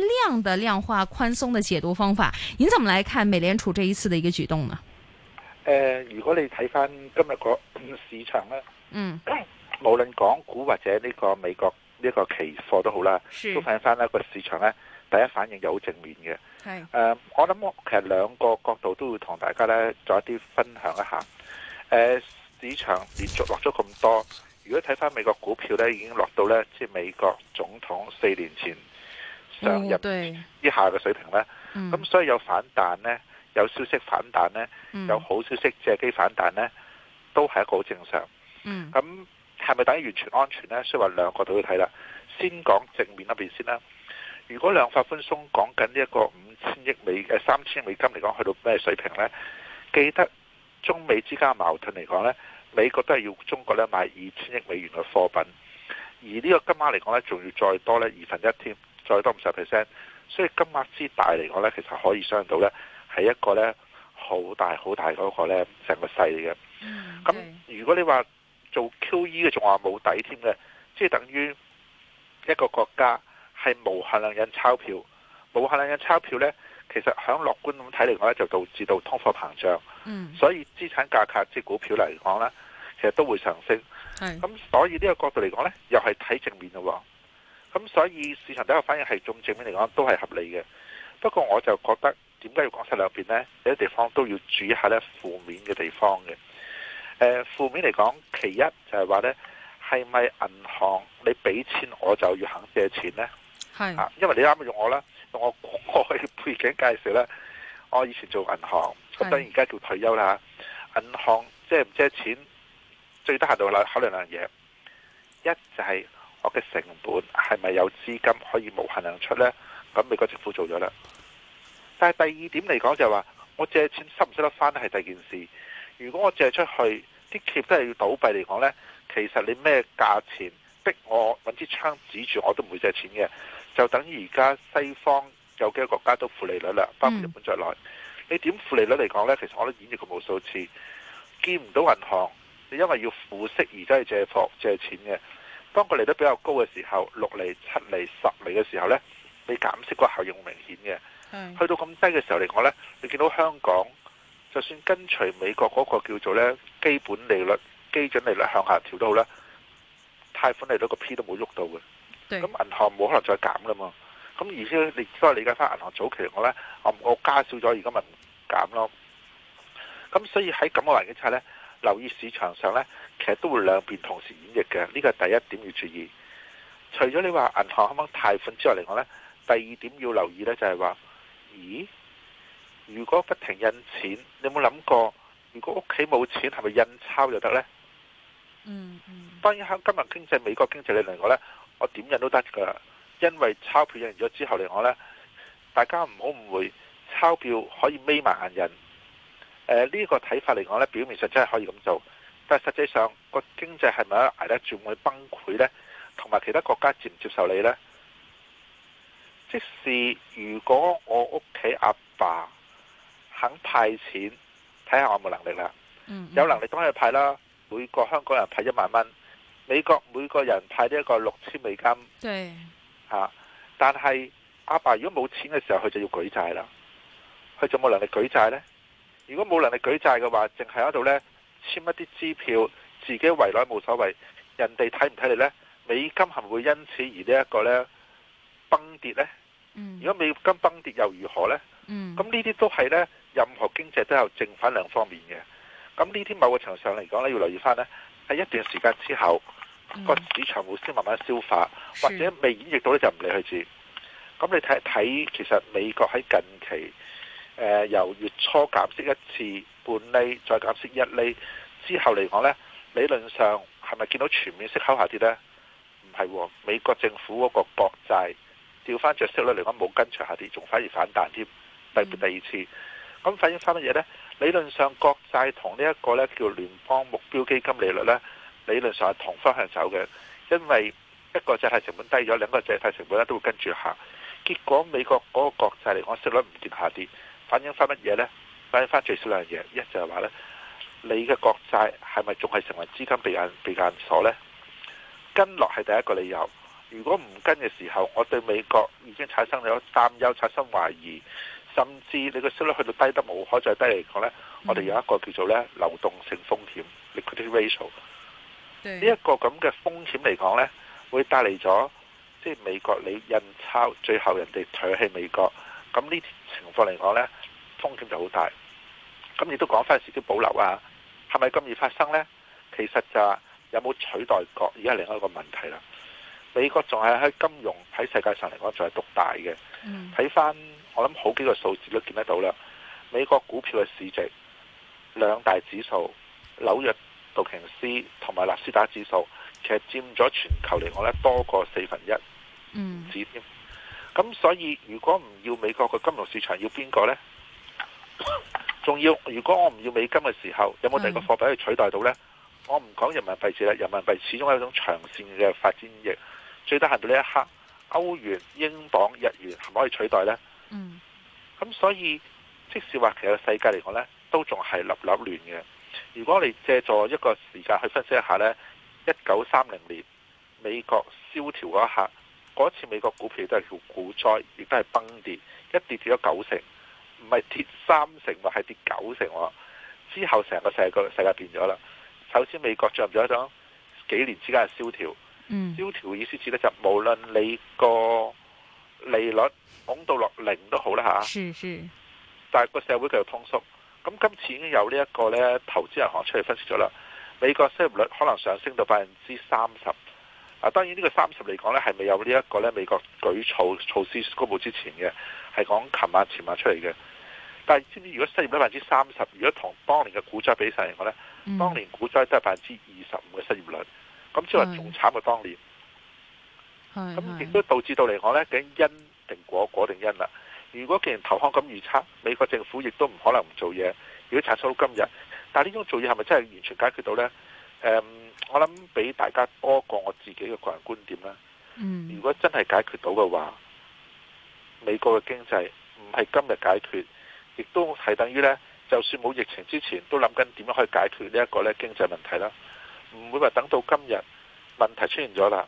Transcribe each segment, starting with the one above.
量的量化寬鬆的解讀方法，您怎麼來看美聯儲這一次的一個舉動呢？誒、呃，如果你睇翻今日個市場呢，嗯，無論港股或者呢個美國呢個期貨都好啦，是都反映翻咧個市場呢，第一反應就好正面嘅。係誒是、呃，我諗我其實兩個角度都會同大家呢再一啲分享一下。誒、呃，市場連續落咗咁多，如果睇翻美國股票呢，已經落到呢，即係美國總統四年前。上入以下嘅水平呢，咁、嗯、所以有反彈呢，有消息反彈呢，嗯、有好消息借機反彈呢，都係一個好正常。咁係咪等於完全安全呢？所以話兩個都要睇啦。先講正面嗰邊先啦。如果量化寬鬆講緊呢一個五千億美三千億美金嚟講，去到咩水平呢？記得中美之間矛盾嚟講呢，美國都係要中國呢買二千億美元嘅貨品，而呢個金額嚟講呢，仲要再多呢二分一添。再多五十 percent，所以金額之大嚟講呢，其實可以想像到呢，係一個呢好大好大嗰個咧成個勢嚟嘅。咁、hmm. 如果你話做 QE 嘅，仲話冇底添嘅，即係等於一個國家係無限量印鈔票，無限量印鈔票呢其實響樂觀咁睇嚟講呢，就導致到通貨膨脹、mm。Hmm. 所以資產價格，即股票嚟講呢，其實都會上升、mm。咁、hmm. 所以呢個角度嚟講呢，又係睇正面嘅喎。咁所以市場第一個反應係，從正面嚟講都係合理嘅。不過我就覺得點解要講晒兩邊呢？有啲地方都要注意下呢負面嘅地方嘅。誒，負面嚟講，其一就係話呢係咪銀行你畀錢我就要肯借錢呢？係是 因為你啱用我啦，用我過去嘅背景介紹呢。我以前做銀行，咁當然而家叫做退休啦。銀行借唔借錢，最得閑就考慮兩樣嘢，一就係、是。我嘅成本係咪有資金可以無限量出呢？咁美國政府做咗啦。但係第二點嚟講就係話，我借錢收唔收得翻係第二件事。如果我借出去啲企業都係要倒閉嚟講呢，其實你咩價錢逼我揾支槍指住我都唔會借錢嘅。就等於而家西方有幾個國家都負利率啦，包括日本在內。你點負利率嚟講呢？其實我都演繹過無數次，見唔到銀行，你因為要付息而都係借貨借錢嘅。當佢嚟得比較高嘅時候，六厘、七厘、十厘嘅時候呢，你減息個效應明顯嘅。的去到咁低嘅時候嚟講呢，你見到香港就算跟隨美國嗰個叫做呢基本利率、基準利率向下調都好啦，貸款嚟到個 P 都冇喐到嘅。咁的銀行冇可能再減㗎嘛。咁而且你都係理解翻銀行早期我呢，我加少咗，而家咪減咯。咁所以喺咁嘅環境之下呢。留意市場上呢，其實都會兩邊同時演繹嘅，呢個係第一點要注意。除咗你話銀行可唔可以貸款之外嚟講呢，第二點要留意呢，就係話，咦？如果不停印錢，你有冇諗過？如果屋企冇錢，係咪印鈔就得呢？嗯嗯。嗯，當然喺今日經濟美國經濟嚟嚟講呢，我點印都得噶，因為鈔票印咗之後嚟講呢，大家唔好誤會，鈔票可以咪埋眼印。誒，呃這個，看呢個睇法，嚟講呢，表面上真係可以咁做，但係實際上，個經濟係咪得，捱得住會崩潰呢？同埋其他國家接唔接受你呢？即使如果我屋企阿爸肯派錢，睇下我冇能力啦。有能力當然，嗯、哼派啦。每個香港人派一萬蚊，美國每個人派呢一個六千美金。吓、對、啊，但係阿爸，爸如果冇錢嘅時候，佢就要舉債啦。佢仲冇能力舉債呢？如果冇能力舉債嘅話，淨係喺度呢簽一啲支票，自己圍內冇所謂，人哋睇唔睇你呢？美金係咪會因此而呢一個呢崩跌呢？如果美金崩跌又如何呢？咁呢啲都係呢任何經濟都有正反兩方面嘅。咁呢啲某個程度上嚟講呢要留意返呢。喺一段時間之後，個、嗯、市場會先慢慢消化，的或者未演繹到呢，就唔理佢住。咁你睇睇，其實美國喺近期。誒、呃、由月初減息一次半厘，再減息一厘，之後嚟講呢，理論上係咪見到全面息口下跌呢？唔係、哦，美國政府嗰個國債調翻著息率嚟講冇跟隨下跌，仲反而反彈添。特別第二次，咁反映返乜嘢呢？理論上國債同呢一個呢叫聯邦目標基金利率呢，理論上係同方向走嘅，因為一個借貸成本低咗，兩個借貸成本都會跟住下。結果美國嗰個國債嚟講息率唔跌下跌。反映翻乜嘢呢？反映翻最少兩樣嘢，一就係話呢，你嘅國債係咪仲係成為資金避難避難所呢？跟落係第一個理由。如果唔跟嘅時候，我對美國已經產生咗擔憂、產生懷疑，甚至你個息率去到低得無可再低嚟講呢，我哋有一個叫做呢流動性風險 liquidity risk、嗯、呢一個咁嘅風險嚟講呢會帶嚟咗即係美國你印鈔，最後人哋唾棄美國。咁呢情況嚟講呢。風險就好大，咁亦都講翻有少少保留啊。係咪咁易發生呢？其實就有冇取代國，而家係另外一個問題啦。美國仲係喺金融喺世界上嚟講仲係獨大嘅。睇翻、嗯、我諗好幾個數字都見得到啦。美國股票嘅市值，兩大指數紐約道瓊斯同埋納斯達指數，其實佔咗全球嚟講呢多過四分一指添。咁所以如果唔要美國嘅金融市場，要邊個呢？仲要，如果我唔要美金嘅時候，有冇第二個貨幣可以取代到呢？是的 我唔講人民幣先啦，人民幣始終係一種長線嘅發展亦最低限度呢一刻，歐元、英鎊、日元係咪可以取代呢？咁、嗯、所以即使話其實世界嚟講呢，都仲係立立亂嘅。如果你借助一個時間去分析一下呢，一九三零年美國蕭條嗰一刻，嗰次美國股票都叫股災亦都係股災，亦都係崩跌，一跌跌咗九成。唔係跌三成，或係跌九成。之後成個世界世界變咗啦。首先美國進入咗一種幾年之間嘅蕭條。嗯。蕭條嘅意思指咧就是無論你個利率降到落零都好啦嚇。是是。但係個社會繼續通縮。咁今次已經有這呢一個咧，投資銀行出嚟分析咗啦。美國失業率可能上升到百分之三十。啊，當然呢個呢呢個三十嚟講咧，係未有呢一個咧美國舉措措施公布之前嘅，係講琴晚前晚出嚟嘅。但係，知唔知如果失業率百分之三十，如果同當年嘅股災比晒嚟講呢，當年股災都係百分之二十五嘅失業率，咁即係話仲慘過當年。咁亦都導致到嚟講呢，究竟因定果，果定因啦、啊？如果既然投行咁預測，美國政府亦都唔可能唔做嘢。如果查收到今日，但係呢種做嘢係咪真係完全解決到呢？誒、嗯，我諗俾大家多過我自己嘅個人觀點啦。嗯、如果真係解決到嘅話，美國嘅經濟唔係今日解決。亦都係等於呢，就算冇疫情之前，都諗緊點樣去解決呢一個呢經濟問題啦。唔會話等到今日問題出現咗啦，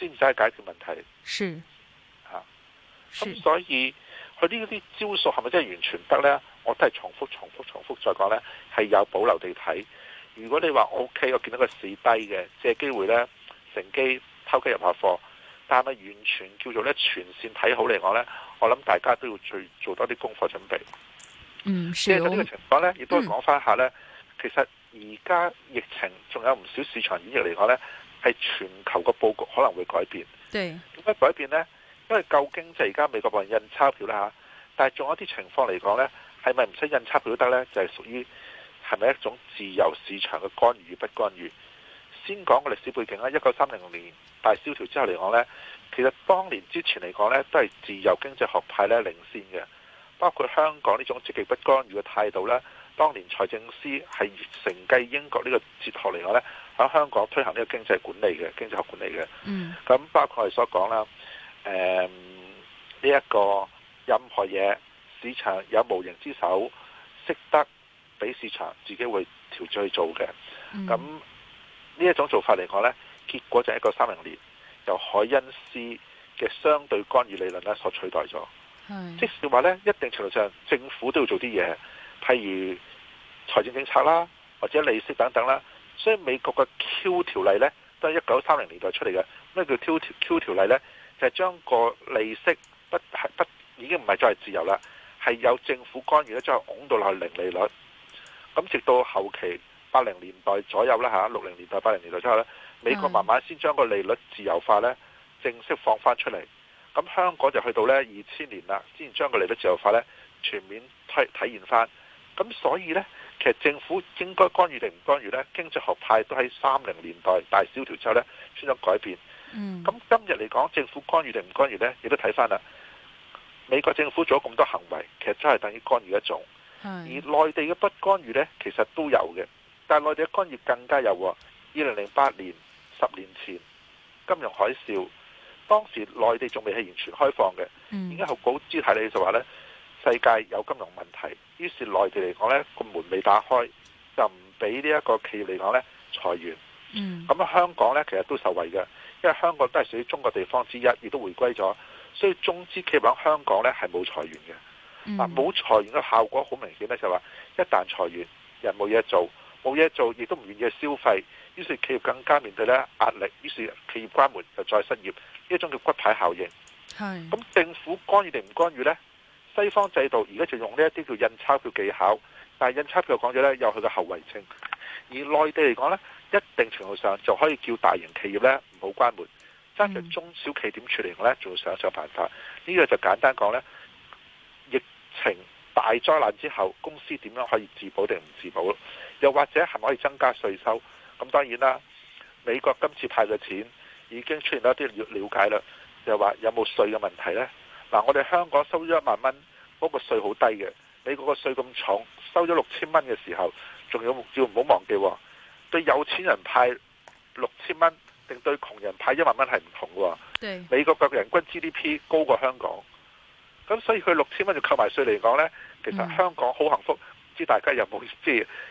先唔使去解決問題。咁所以佢呢啲招數係咪真係完全得呢？我都係重，重複重複重複再講呢，係有保留地睇。如果你話 O K，我見到個市低嘅，即係機會呢，乘機偷雞入下貨，但係完全叫做呢，全線睇好嚟講呢，我諗大家都要做做多啲功課準備。即係呢個情況呢，亦都係講翻下呢。嗯、其實而家疫情仲有唔少市場演繹嚟講呢，係全球個布局可能會改變。點解對改變呢？因為舊經濟而家美國係印鈔票啦吓，但係仲有啲情況嚟講呢，係咪唔使印鈔票都得呢？就係屬於係咪一種自由市場嘅干預不干預？先講個歷史背景啦。一九三零年大蕭條之後嚟講呢，其實當年之前嚟講呢，都係自由經濟學派呢領先嘅。包括香港呢種積極不干預嘅態度咧，當年財政司係承繼英國呢個哲學嚟講咧，喺香港推行呢個經濟管理嘅經濟學管理嘅。咁包括我哋所講啦，誒呢一個任何嘢市場有無形之手，識得俾市場自己會調去做嘅。咁呢一種做法嚟講呢，結果就係一九三零年由凱恩斯嘅相對干預理論咧所取代咗。即使話呢，一定程度上政府都要做啲嘢，譬如財政政策啦，或者利息等等啦。所以美國嘅 Q 條例呢，都係一九三零年代出嚟嘅。咩叫 Q 條 Q 條例呢？就係、是、將個利息不係不已經唔係再係自由啦，係有政府干預咧，將佢拱到落去零利率。咁直到後期八零年代左右啦吓，六、啊、零年代、八零年代之後呢，美國慢慢先將個利率自由化呢，正式放翻出嚟。咁香港就去到呢二千年啦，先將利率自由化呢全面體體現翻。咁所以呢，其實政府應該干預定唔干預呢經濟學派都喺三零年代大蕭條之後呢出現改變。咁、嗯、今日嚟講，政府干預定唔干預呢，亦都睇翻啦。美國政府做咗咁多行為，其實真係等於干預一種。是的 而內地嘅不干預呢，其實都有嘅，但係內地嘅干預更加有喎。二零零八年，十年前金融海嘯。當時內地仲未係完全開放嘅，而家學寶資睇你就話呢，世界有金融問題，於是內地嚟講呢個門未打開，就唔俾呢一個企業嚟講呢裁員。咁啊、嗯、香港呢其實都受惠嘅，因為香港都係屬於中國地方之一，亦都回歸咗，所以中資企業喺香港呢係冇裁員嘅。嗱冇、嗯、裁員嘅效果好明顯呢，就話一旦裁員，人冇嘢做，冇嘢做亦都唔願意消費，於是企業更加面對呢壓力，於是企業關門就再失業。一種叫骨牌效應，咁是政府干預定唔干預呢？西方制度而家就用呢一啲叫印鈔票技巧，但係印鈔票講咗呢，有佢嘅後遺症，而內地嚟講呢，一定程度上就可以叫大型企業呢唔好關門，揸着中小企點處理呢，就要想一想辦法。呢、這個就簡單講呢，疫情大災難之後公司點樣可以自保定唔自保？又或者係咪可以增加稅收？咁當然啦，美國今次派嘅錢。已經出現咗一啲了了解啦，就話有冇稅嘅問題呢？嗱、啊，我哋香港收咗一萬蚊，嗰、那個稅好低嘅。你嗰個稅咁重，收咗六千蚊嘅時候，仲有目照唔好忘記、哦，對有錢人派六千蚊，定對窮人派一萬蚊係唔同嘅、哦。對 美國嘅人均 GDP 高過香港，咁所以佢六千蚊就扣埋稅嚟講呢，其實香港好幸福，唔、嗯、知道大家有冇知？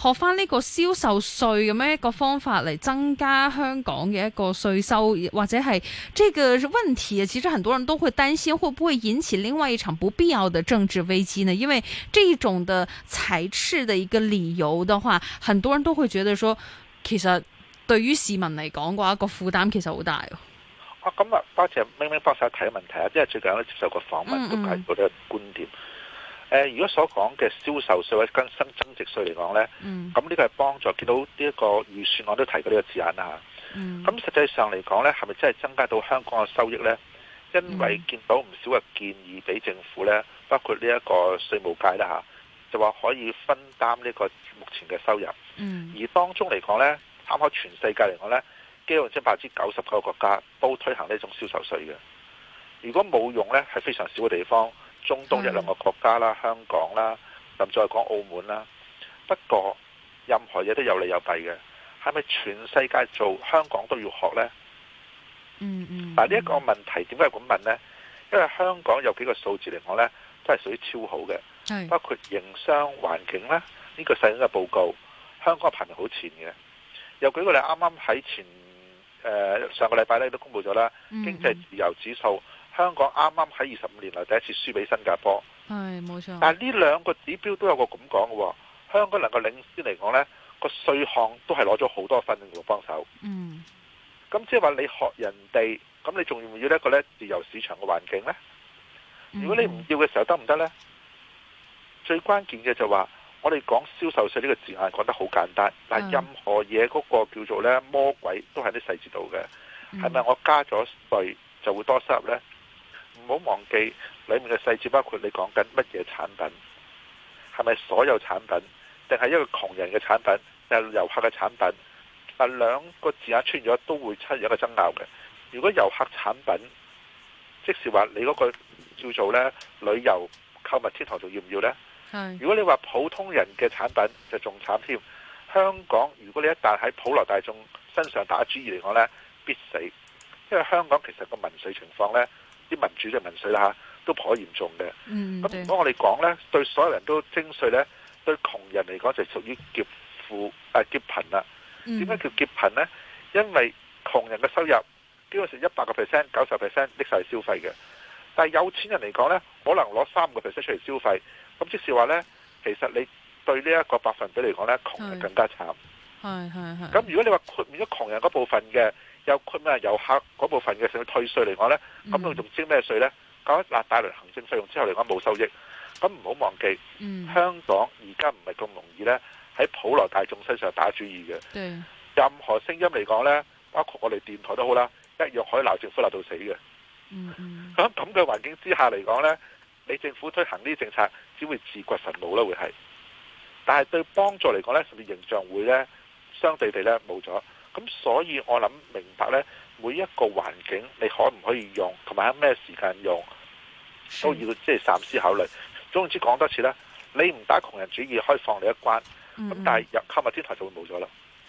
學翻呢個銷售稅咁樣一個方法嚟增加香港嘅一個稅收，或者係即係個問題啊，其實很多人都會擔心，會不會引起另外一場不必要的政治危機呢？因為呢一種的財赤嘅一個理由嘅話，很多人都會覺得說，說其實對於市民嚟講嘅話，這個負擔其實好大。啊、嗯嗯，咁啊，多謝明明博士提問題啊，因為最近我接受個訪問都係啲觀點。呃、如果所講嘅銷售稅或者新增值稅嚟講呢，咁呢、嗯、個係幫助見到呢一個預算，我都提過呢個字眼啦，咁、嗯、實際上嚟講呢，係咪真係增加到香港嘅收益呢？因為見到唔少嘅建議俾政府呢，包括呢一個稅務界啦就話可以分擔呢個目前嘅收入。嗯、而當中嚟講呢，參考全世界嚟講呢，基本上百分之九十個國家都推行呢種銷售稅嘅。如果冇用呢，係非常少嘅地方。中東一兩個國家啦，的香港啦，咁再講澳門啦。不過任何嘢都有利有弊嘅，係咪全世界做香港都要學呢？嗯嗯。嗱、嗯，呢一個問題點解咁問呢？因為香港有幾個數字嚟講呢，都係屬於超好嘅，包括營商環境咧，呢、這個世銀嘅報告，香港嘅排名好前嘅。有舉個例啱啱喺前誒、呃、上個禮拜咧都公布咗啦，嗯、經濟自由指數。香港啱啱喺二十五年嚟第一次輸俾新加坡，係冇錯。但係呢兩個指標都有個咁講嘅，香港能夠領先嚟講呢、呢個稅項都係攞咗好多分嚟幫手。嗯，咁即係話你學人哋，咁你仲要唔要一個呢自由市場嘅環境呢？嗯、如果你唔要嘅時候得唔得呢？最關鍵嘅就話，我哋講銷售稅呢個字眼講得好簡單，嗯、但係任何嘢嗰個叫做呢魔鬼都喺啲細節度嘅。係咪、嗯、我加咗稅就會多收入呢？唔好忘記裏面嘅細節，包括你講緊乜嘢產品，係咪所有產品，定係一個窮人嘅產品，定係遊客嘅產品？但兩個字眼出現咗都會出現一個爭拗嘅。如果遊客產品，即是話你嗰個叫做呢旅遊購物天堂，仲要唔要呢？是的 如果你話普通人嘅產品就仲慘添。香港如果你一旦喺普羅大眾身上打主意嚟講呢，必死，因為香港其實個民粹情況呢。啲民主即民粹啦、啊、嚇，都頗嚴重嘅。咁如果我哋講呢，對所有人都徵稅呢，對窮人嚟講就屬於劫富啊劫貧啦、啊。點解，嗯、叫劫貧呢？因為窮人嘅收入基本上一百個 percent，九十 percent 拎晒去消費嘅。但係有錢人嚟講呢，可能攞三個 percent 出嚟消費。咁即是話呢，其實你對呢一個百分比嚟講呢，窮人更加慘。係係係。咁如果你話豁免咗窮人嗰部分嘅，有佢咩遊客嗰部分嘅退稅嚟講呢，咁佢仲徵咩稅呢？搞一大輪行政費用之後嚟講冇收益，咁唔好忘記，嗯、香港而家唔係咁容易呢。喺普羅大眾身上打主意嘅。對任何聲音嚟講呢，包括我哋電台都好啦，一樣可以鬧政府鬧到死嘅。咁嘅、嗯、環境之下嚟講呢，你政府推行呢啲政策，只會自掘墳墓啦，會係。但係對幫助嚟講呢，甚至形象會呢，相對地呢，冇咗。咁所以我諗明白咧，每一個環境，你可唔可以用，同埋喺咩時間用，都要即係三思考慮。總之講多次啦，你唔打窮人主義，開放你一關，咁但係入購物天台就會冇咗啦。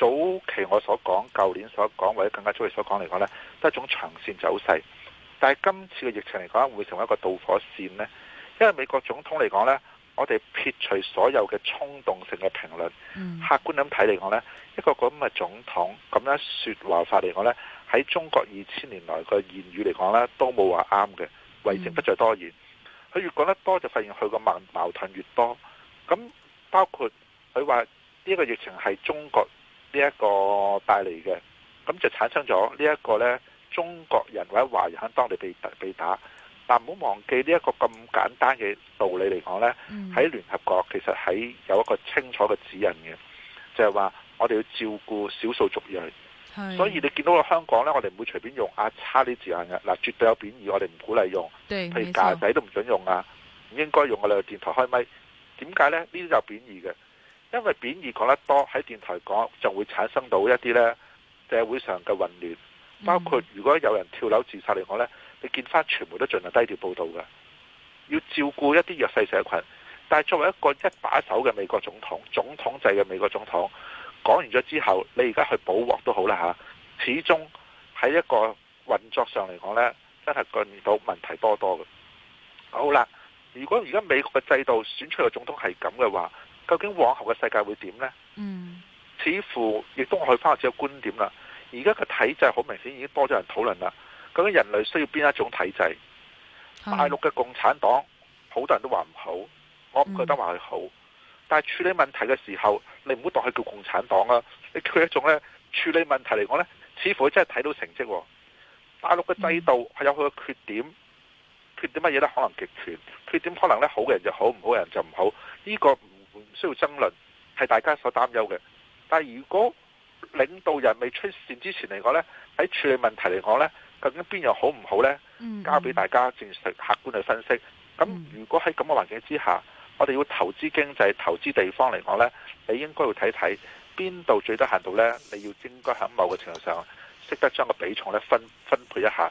早期我所講、舊年所講或者更加早期所講嚟講呢，都係一種長線走勢。但係今次嘅疫情嚟講，會成為一個導火線呢，因為美國總統嚟講呢，我哋撇除所有嘅衝動性嘅評論，客觀咁睇嚟講呢，嗯、一個咁嘅總統咁樣説話法嚟講呢，喺中國二千年來嘅言語嚟講呢，都冇話啱嘅，為政不在多言。佢、嗯、越講得多，就發現佢個矛盾越多。咁包括佢話呢個疫情係中國。呢一個帶嚟嘅，咁就產生咗呢一個呢中國人或者華人喺當地被被打，但唔好忘記呢一個咁簡單嘅道理嚟講呢喺、嗯、聯合國其實係有一個清楚嘅指引嘅，就係、是、話我哋要照顧少數族裔，是所以你見到喺香港呢，我哋唔會隨便用阿叉啲字眼嘅，嗱絕對有貶義，我哋唔鼓勵用，對譬如架仔都唔準用啊，唔錯應該用我哋電台開咪。點解呢？呢啲就貶義嘅。因為貶義講得多，喺電台講就會產生到一啲社會上嘅混亂。包括如果有人跳樓自殺嚟講呢，你見翻傳媒都盡量低調報導嘅，要照顧一啲弱勢社群。但係作為一個一把手嘅美國總統，總統制嘅美國總統講完咗之後，你而家去補鑊都好啦嚇。始終喺一個運作上嚟講呢真係見到問題多多嘅。好啦，如果而家美國嘅制度選出嘅總統係咁嘅話，究竟往後嘅世界會點呢？嗯，似乎亦都我去翻下自己嘅觀點啦。而家個體制好明顯已經多咗人討論啦。究竟人類需要邊一種體制？大陸嘅共產黨好、嗯、多人都話唔好，我唔覺得話佢好。嗯、但係處理問題嘅時候，你唔好當佢叫共產黨啊！你佢一種咧處理問題嚟講呢，似乎佢真係睇到成績，啊。大陸嘅制度係有佢嘅缺點，嗯、缺點乜嘢呢？可能極權，缺點可能呢，好嘅人就好，唔好嘅人就唔好。呢、這個。唔需要爭論，係大家所擔憂嘅，但係如果領導人未出線之前嚟講呢，喺處理問題嚟講呢，究竟邊樣好唔好呢？交俾大家正式客觀去分析。咁如果喺咁嘅環境之下，我哋要投資經濟、投資地方嚟講呢，你應該要睇睇邊度最得閒度呢？你要應該喺某個程度上識得將個比重呢，分分配一下。